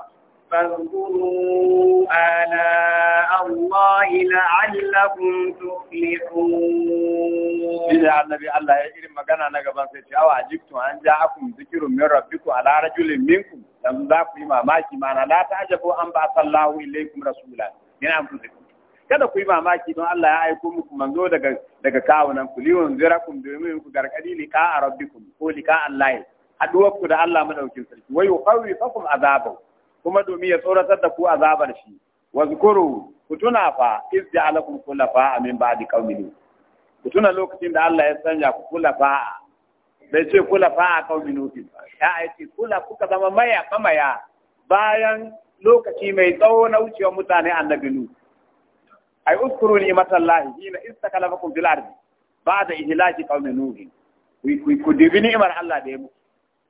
فاذكروا آلاء الله لعلكم تفلحون إذا النبي الله يجري مغانا نغبان سيتي أو عجبتم أن جاءكم ذكر من ربكم على رجل منكم لم ذاكوا إما ماكي معنا لا تعجبوا أن بعث الله إليكم رسولا من أنفسكم kada ku yi mamaki don Allah ya aiko muku manzo daga daga kawunan ku liwan zirakum domin ku gargadi liqa rabbikum ko liqa Allah haduwar ku da Allah madaukin sarki wai yuqawwi fakum azabahu kuma domin ya tsoratar da ku azabar shi wazkuru ku tuna fa iz ja'alakum khulafa min ba'di qaumin ku tuna lokacin da Allah ya sanya ku khulafa bai ce khulafa qaumin nuh ya ce kula kuka zama maya kamaya bayan lokaci mai tsawo na wucewa mutane annabi nu ai uskuru ni'matallahi hina istakalafakum bil ardi ba'da ihlaki qaumin nuh ku ku dibini imar Allah da ya muku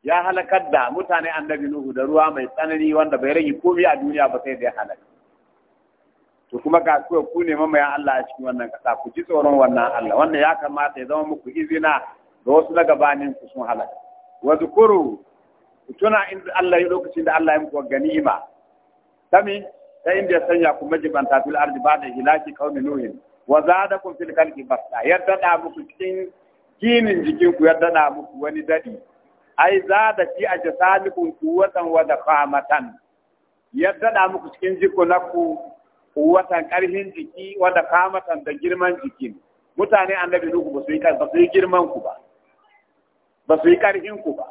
ya halakar da mutane annabi Nuhu da ruwa mai tsanani wanda bai rage komai a duniya ba sai da ya halaka. To kuma ga ku ku ne mamayan Allah a cikin wannan kasa ku ji tsoron wannan Allah wannan ya kamata ya zama muku izina da wasu na gabanin ku sun halaka. Wa zukuru ku tuna in Allah ya lokacin da Allah ya muku ganima. Sami ta inda ya sanya ku majibanta fil ardi ba da hilaki kaumi Nuhin wa zadakum fil kalki basta yadda da muku cikin ginin jikinku yadda da muku wani dadi. ai za da ci a jasamikum kuwatan wa famatan. yadda da muku cikin na ku kuwatan karhin jiki wa famatan da girman jikin, mutane annabi nuhu ba su yi ba su yi girman ku ba ba su yi karhin ku ba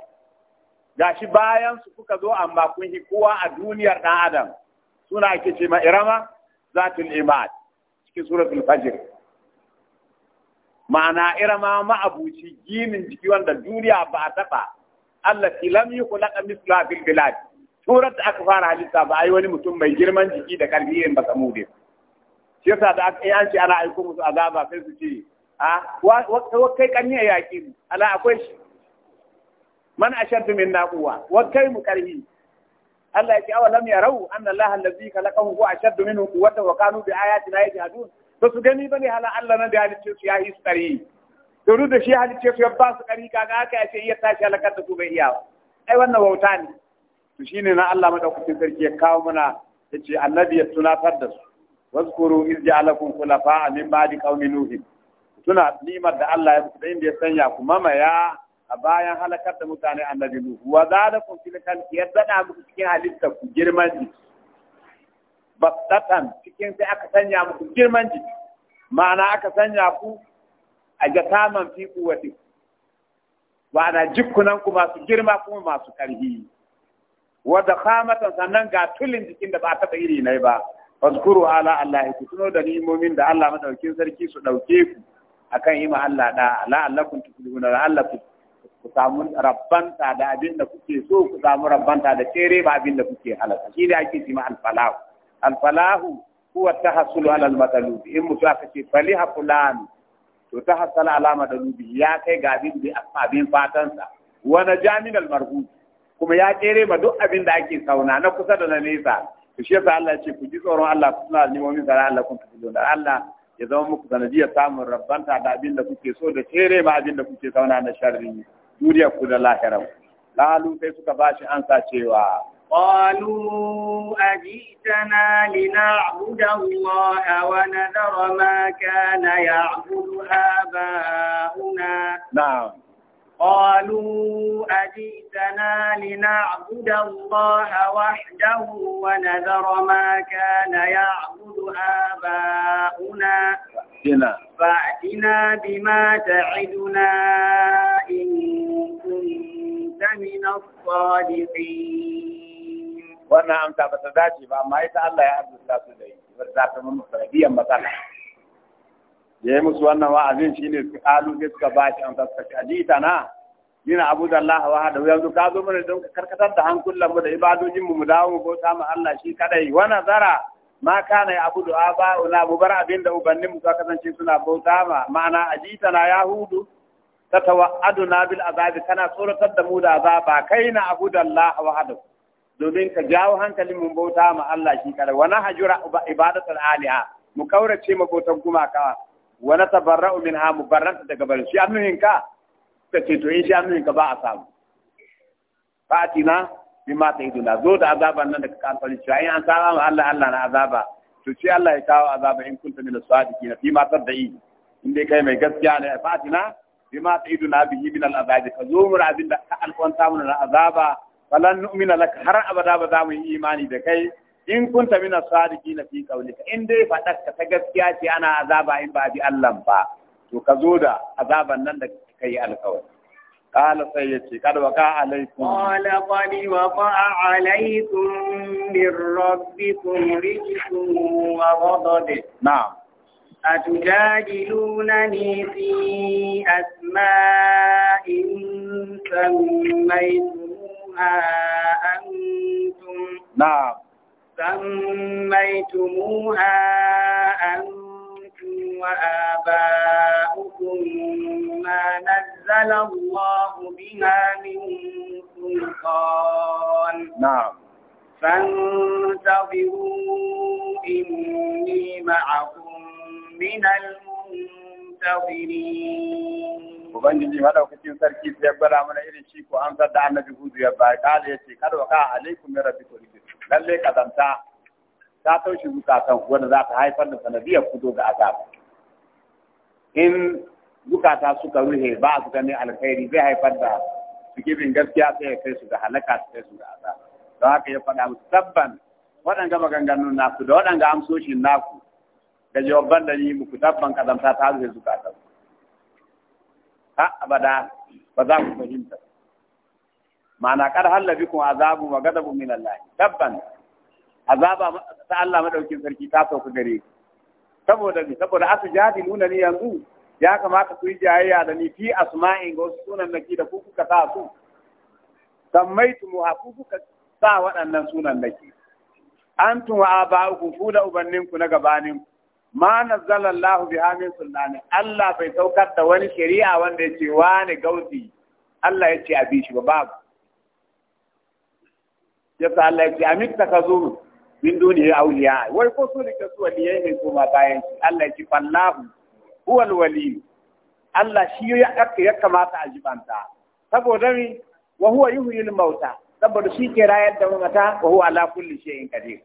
gashi bayan su kuka zo amma kun yi kowa a duniyar dan adam suna ake ce ma irama zatul imad cikin suratul fajr ma'ana irama ma'abuci ginin jiki wanda duniya ba a taba allati lam yukhlaq mithla fil bilad surar da aka fara halitta ba ai wani mutum mai girman jiki da karfi yin ba samu dai shi yasa da aka yi an ce ana aiko musu azaba sai su ce a wa kai kanni a yaki ala akwai shi man ashaddu min naquwa wa kai mu karhi Allah yake awa lam yarau anna Allah allazi khalaqahu huwa ashaddu minhu quwwatan wa kanu bi ayatina yajhadun to su gani bane hala Allah nan da halicce su yayi su domin da shi halitta su ya su ƙari kaga haka ya ce iya tashi halakar da su bai iya ba ai wannan wauta ne to shine na Allah madaukakin sarki ya kawo mana yace annabi ya tunatar da su wazkuru iz ja'alakum khulafa'a min ba'di qaumi nuh tuna nimar da Allah ya ku da inda ya sanya ku mamaya a bayan halakar da mutane annabi nuh wa zalakum fil khalqi yadda muku cikin halitta ku girman jiki battatan cikin sai aka sanya muku girman jiki ma'ana aka sanya ku a jataman fi kuwati wa ana jikunan ku masu girma kuma masu karhi wadda khamatan sannan ga tulin jikin da ba ta taɓa iri nai ba fazkuru ala Allah ku tuno da nimomin da Allah madaukin sarki su dauke ku akan yi ma Allah da la'allakum tuflihuna Allah ku samu rabbanta da abin da kuke so ku samu rabbanta da tere ba abin da kuke halaka shi da ake cima alfalahu alfalahu huwa tahasulu ala almatalub in mutu aka ce faliha fulani to ta hasala alama da rubi ya kai ga abin da abin fatansa wani jaminal marhu kuma ya kere ma duk abin da ake sauna na kusa da na nesa to shi yasa Allah ya ce ku ji tsoron Allah ku tuna alimomin da Allah kun tafi da Allah ya zama muku sanadiyar samun rabbanta da abin da kuke so da kere ma abin da kuke sauna na sharri duniya ku da lahira. lalu sai suka bashi ansa cewa قالوا أجئتنا لنعبد الله ونذر ما كان يعبد آباؤنا نعم قالوا أجئتنا لنعبد الله وحده ونذر ما كان يعبد آباؤنا فأتنا بما تعدنا إن كنت من الصادقين wannan amsa ba ta dace ba amma ita Allah ya arzuta su da yi ba za ta mun sanadiyar matsala ya yi musu wannan wa'azin shine su kalu sai suka ba shi amsa suka ci ajita na yana abu da Allah wa hada yanzu ka zo mana don karkatar da hankulan mu da ibadojin mu mu dawo mu bauta mu Allah shi kadai wa nazara ma kana ya abudu aba'una mu bar abin da ubannin mu suka kasance suna bauta ma ma'ana ajita na yahudu tatawa'aduna bil azabi kana tsoratar da mu da azaba kaina abudallahi wa domin ka jawo hankalin mun bauta ma Allah shi kada wa nahjura ibadatul aliha mu kaurace ma bautan gumaka wa natabarra'u minha mubarrata daga barin shi annuhin ka ta ce to in shi annuhin ka ba a samu fatina ta iduna zo da azaban nan da ka kan cewa in an saba ma Allah Allah na azaba to shi Allah ya kawo azaba in kunta min as-sadiqin fi ma tadai in dai kai mai gaskiya ne fatina ta ta'iduna bihi min al-azabi ka zo mu abin da ka alƙwanta mu na azaba falan nu'mina laka har abada ba za mu yi imani da kai in kunta mina na fi qawlika in dai faɗaka ta gaskiya ce ana azaba in ba bi Allah ba to ka zo da azaban nan da kai alƙawari قال سيدي قد وقع عليكم قال قد وقع عليكم من ربكم رجس وغضب نعم أتجادلونني في أسماء سميتم أنتم نعم سميتموها أنتم وآباؤكم ما نزل الله بها من سلطان نعم فانتظروا إني معكم من المنظرين muntazirin ubangiji madaukakin sarki sai gwada mana irin shi ko amsar da annabi hudu ya ba kala yace kada wa ka alaikum min rabbikum lalle kazanta ta taushe zukatan wanda za ta haifar da sanadiyar kudo ga azab in zukata suka ruhe ba su ganin alkhairi zai haifar da sikibin gaskiya sai ya kai su ga halaka su kai su ga azab don haka ya faɗa musu tabban waɗanga maganganun naku da waɗanga amsoshin naku da jawaban da yi muku tabban kadamta ta harshe zukatan ha abada ba za ku fahimta ma'ana kar hallabi kun azabu wa gadabu min Allah dabban azaba ta Allah madaukin sarki ta sauka gare ku saboda ni saboda asu jadiluna ni yanzu ya kamata ku yi jayayya da ni fi asma'in ga wasu sunan naki da ku kuka sa su sammaitu mu ku kuka sa waɗannan sunan naki antum wa aba'ukum ku da ubanninku na gabaninku ma nazzala Allah bi amin sunnani Allah bai saukar da wani shari'a wanda yake wani gauzi Allah yace a bi shi ba babu ta Allah yace amit takazu min duni awliya wai ko su rike su waliyai ne ko ma bayan shi Allah yace fallahu huwal wali Allah shi ya ya kamata a jibanta saboda ni wa huwa al mauta saboda shi ke rayar da mamata wa huwa ala kulli shay'in kadir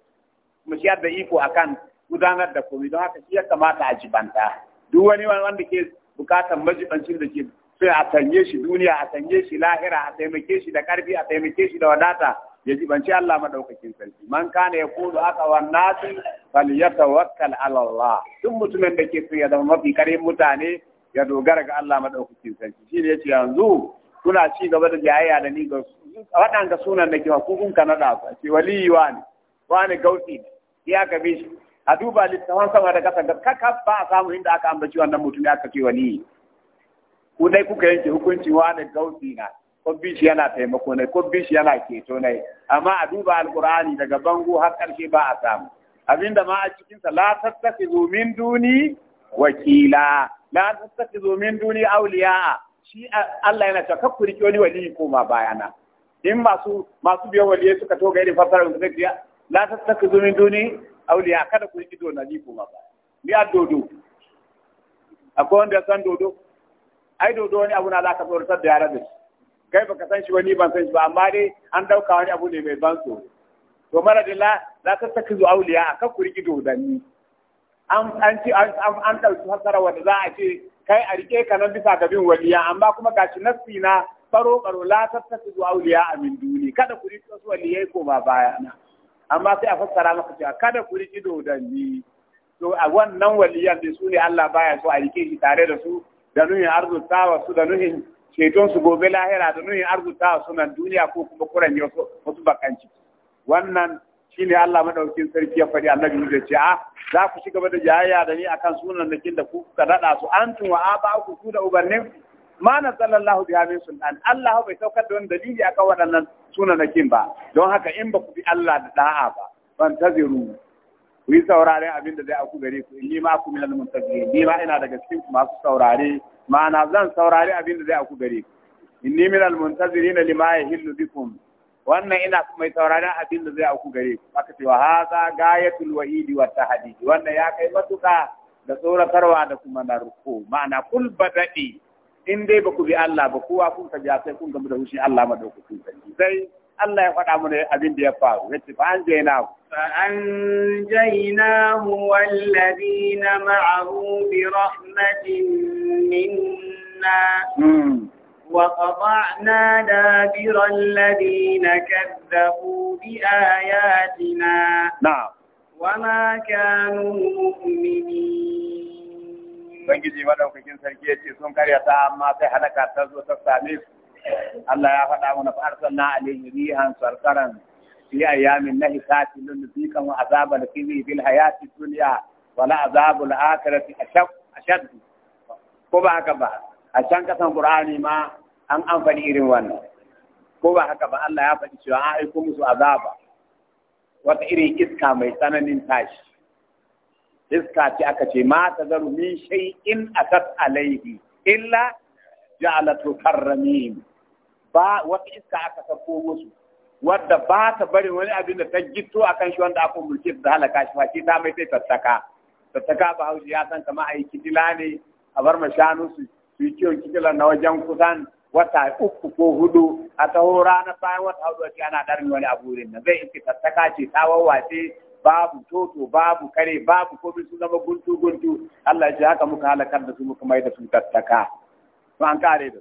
mu shi da iko akan gudanar da komai don haka shi ya kamata a jibanta duk wani wanda ke bukatar majibancin da ke sai a sanye shi duniya a sanye shi lahira a taimake shi da karfi a taimake shi da wadata ya jibanci Allah madaukakin sarki man kana yaqulu haka wa nasu falyatawakkal ala Allah duk mutumin da ke ya mafi karin mutane ya dogara ga Allah madaukakin sarki shine yace yanzu kuna ci gaba da jayayya da ni ga waɗanda sunan da ke hukukun da ce waliyi wani wani gauti ya ka shi a duba littafan sama da kasa ka ba a samu inda aka ambaci wannan mutum ya aka ce wani ku dai kuka yanke hukunci wa da gausi na ko bishi yana taimako ne ko bishi yana keto ne amma a duba alqur'ani daga bango har karshe ba a samu abinda ma a cikin sa la tattakhidhu min duni wakila la tattakhidhu min duni awliya shi Allah yana cewa kakku rike wani wali ma bayana in masu masu biyan wali suka to ga irin fasarar da zai la tattakhidhu min duni auliya kada ku yi ido na ni kuma ba ni a dodo akwai wanda san dodo ai dodo wani abu na za ka tsoratar da yara da shi kai baka san shi ba ni ban san shi ba amma dai an dauka wani abu ne mai ban tsoro to mara da la la tattakizu auliya aka ku da ni an an ci an an dauki hasara wanda za a ce kai a rike ka nan bisa ga bin waliya amma kuma gashi nafsi na baro baro la tattakizu auliya amin duni kada ku riki su waliyai ko ba baya na amma sai a fassara maka cewa kada ku riƙi dodanni to a wannan waliyan da su ne Allah baya so a rike shi tare da su da nuhin arzutawa su da nuhin ceton su gobe lahira da nuhin arzutawa su nan duniya ko kuma kuran wasu bakanci wannan shine Allah madaukin sarki ya faɗi annabi da ce a ah, za ku ci gaba da jayayya da ni akan sunan nakin da ku ka dada su tun wa aba'ukum su da ubannin ma na sallallahu biha min Allah bai saukar da wani dalili akan waɗannan na kin ba don haka in ba ku bi Allah da da'a ba ban taziru ku yi saurare abin da zai aku gare ku ni ma ku milal muntazir ni ma ina daga cikin ku masu saurare ma'ana zan saurare abin da zai aku gare ku inni milal muntazirina lima yahillu bikum wannan ina mai sauraren abin da zai auku gare ku aka ce wa hadha gayatul wahidi wa tahdidi wannan ya kai matuka da tsoratarwa da kuma narko ma'ana kul bada'i in dai ba ku bi Allah ba kowa kun ka ja sai kun gamu da hushin Allah ma madaukakin sarki sai Allah ya faɗa mana abin da ya faru yace fa an jaina ku fa an jaina hu walladina ma'ahu bi rahmatin minna وقطعنا دابر الذين كذبوا بآياتنا نعم وما كانوا مؤمنين ubangiji madaukakin sarki ya ce sun karya ta amma sai halaka ta zo ta same su Allah ya faɗa mana fa arsalna alayhi rihan sarkaran fi ayamin nahikati lun nuzikan wa azabal khizi fil hayati dunya wala azabul akhirati ashaq ashad ko ba haka ba a can kasan qur'ani ma an amfani irin wannan ko ba haka ba Allah ya faɗi cewa an aiko musu azaba wata irin iska mai tsananin tashi iska ce aka ce ma ta zaru min a atat alaihi illa ja'alatu karramin ba wata iska aka sako musu wadda ba ta bari wani abin da ta gito akan shi wanda aka mulke da halaka shi face ta mai sai tattaka tattaka ba haushi ya san kamar ai kitila ne a bar mashanu su su yi kiwon kitila na wajen kusan wata uku ko hudu a taho ranar bayan wata hudu a ce ana ɗarin wani abu ne zai iske tattaka ce ta wawace babu toto babu kare babu komai su zama guntu guntu Allah ya ce haka muka halakar da su muka mai da su tattaka to an kare da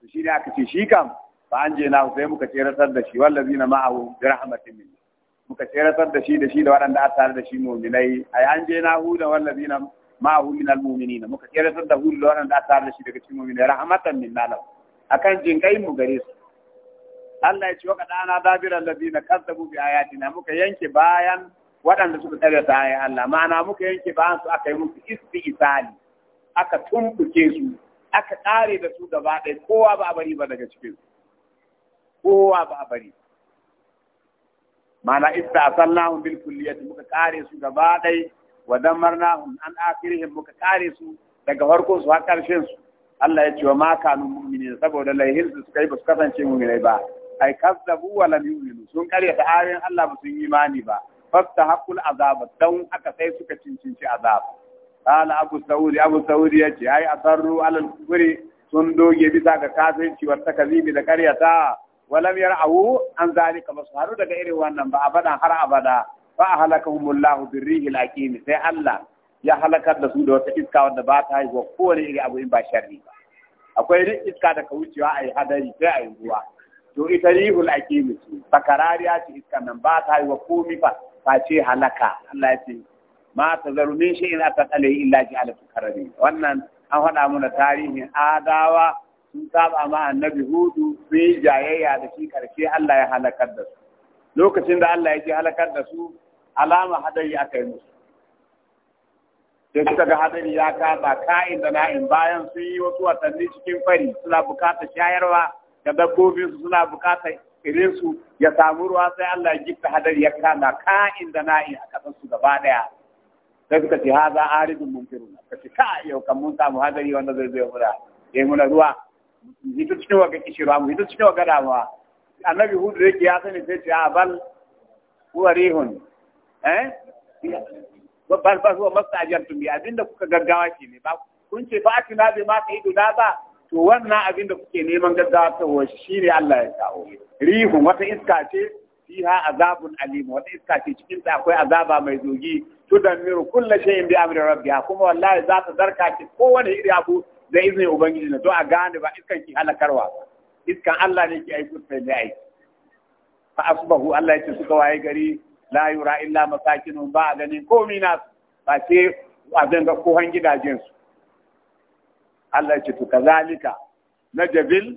su shi ne aka ce shi kam ba an je na sai muka tseratar da shi na ma'ahu bi rahmatin min muka tseratar da shi da shi da waɗanda a tare da shi mu'minai ai an je na hu da na ma'ahu min al-mu'minin muka tseratar da hu da waɗanda a tare da shi daga cikin mu'minai rahmatan min lahu akan jinkai mu gare su Allah ya ce wa kadana dabiran ladina kazzabu bi ayatina muka yanke bayan waɗanda suka tsare bayan Allah ma'ana muka yanke bayan su aka yi musu isali aka tumbuke su aka ƙare da su gaba ɗaya kowa ba a bari ba daga cikin kowa ba a bari ma'ana ista sallahun bil muka ƙare su gaba ɗaya wa damarnahum an akhirihim muka ƙare su daga farkon su har ƙarshen su Allah ya ce wa ma kanu mu'minin saboda laihin su suka yi ba su kasance mu'minai ba ai kazzabu wa lam yu'minu sun ƙaryata ayoyin Allah ba su yi imani ba fasta hakul azaba dan aka sai suka cincinci azaba qala abu sauri abu sauri ya ce ai asarru alal kufri sun doge bisa ga kafirci wa takazibi da karyata walam yar'ahu an zalika basu haru daga irin wannan ba abada har abada fa ahlakahumullahu birrihi alaqim sai Allah ya halakar da su da wata iska wanda ba ta haihuwa kowane iri abu in ba sharri ba akwai duk iska da ka wucewa a yi hadari sai a yi ruwa to ita rihul aqim ce sakarariya ce iska nan ba ta haihuwa komi ba. face halaka Allah ya ce ma ta zaru min shay'in ta alai illa ji ala karami wannan an faɗa mana tarihin adawa sun saba ma annabi hudu sun yi jayayya da shi karshe Allah ya halakar da su lokacin da Allah ya ji halakar da su alama hadari aka yi musu sai suka ga hadari ya kasa ka'in da na'in bayan sun yi wasu watanni cikin fari suna bukatar shayarwa da dabbobinsu suna bukatar irin su ya samu ruwa sai Allah ya jikta hadari ya kama ka'in da na'i a kasan su gaba daya sai suka ce haza aridun mumtiruna ka ce ka yau kan mun samu hadari wanda zai zai mura ya muna ruwa hito cikin waga kishirwa mu hito cikin waga damuwa annabi hudu da yake ya sani sai ce a bal huwa rihun eh bal bal huwa mastajartum bi abinda kuka gaggawa ke ne ba kun ce fa bi ma ka yi na ba to wannan abin da kuke neman gaggawa shi ne Allah ya kawo rihun wata iska ce fiha azabun alim wata iska ce cikin ta akwai azaba mai zogi miru kullu shay'in bi amri rabbiha kuma wallahi za ta zarka ki kowane iri abu da izinin ubangiji na to a gane ba iskan ki halakarwa iskan Allah ne ki aiko sai ne aiki fa asbahu Allah ya suka waye gari la yura illa masakinu ba ganin Ko na ba ce a ga kohan gidajen su Allah ce to kazalika na jabil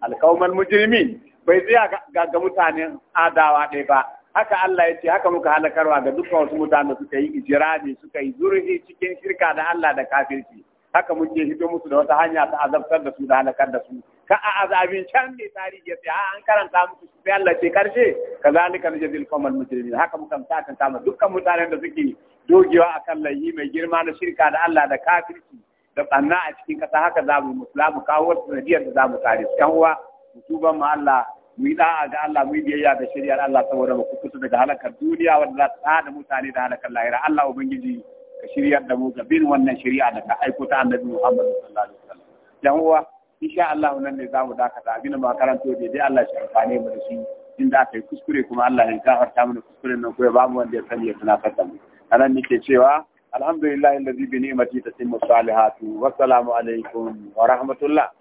alqaumal mujrimin bai tsaya ga mutanen adawa ɗaya ba haka Allah ya ce haka muka halakarwa ga dukkan wasu mutane suka yi ijirani suka yi zurhi cikin shirka da Allah da kafirci haka muke hito musu da wata hanya ta azabtar da su da halakar da su ka a azabin can ne tarihi ya an karanta musu sai Allah ce karshe kazalika na jabil qamal mujrimin haka muka sa kan dukkan mutanen da suke dogewa akan laifi mai girma na shirka da Allah da kafirci da banna a cikin kasa haka za mu musula mu kawo sanadiyar da za mu kare su yan uwa mutuban mu Allah mu yi da'a ga Allah mu yi biyayya ga shari'ar Allah saboda mu kusa daga halakar duniya wanda za ta da mutane da halakar lahira Allah ubangiji ka shiryar da mu ga bin wannan shari'a da ka aiko ta annabi Muhammad sallallahu alaihi wasallam yan uwa insha Allah nan ne mu dakata abin ma karanto da dai Allah shi amfane mu da shi inda aka yi kuskure kuma Allah ya gafarta mana kuskuren nan ko ya ba mu wanda ya sani ya tunatar da mu anan nake cewa alhamdulillahi allazi bi ni'mati tatimmu salihatu wassalamu alaikum wa rahmatullah